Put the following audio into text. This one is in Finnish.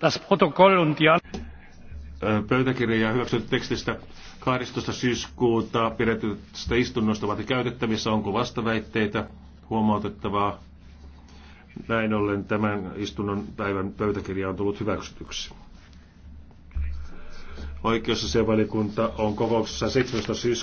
Das Protokoll und die Pöytäkirja hyväksytty tekstistä 12. syyskuuta pidetystä istunnosta ovat käytettävissä. Onko vastaväitteitä huomautettavaa? Näin ollen tämän istunnon päivän pöytäkirja on tullut hyväksytyksi. Oikeusasianvaliokunta on kokouksessa 17. syyskuuta.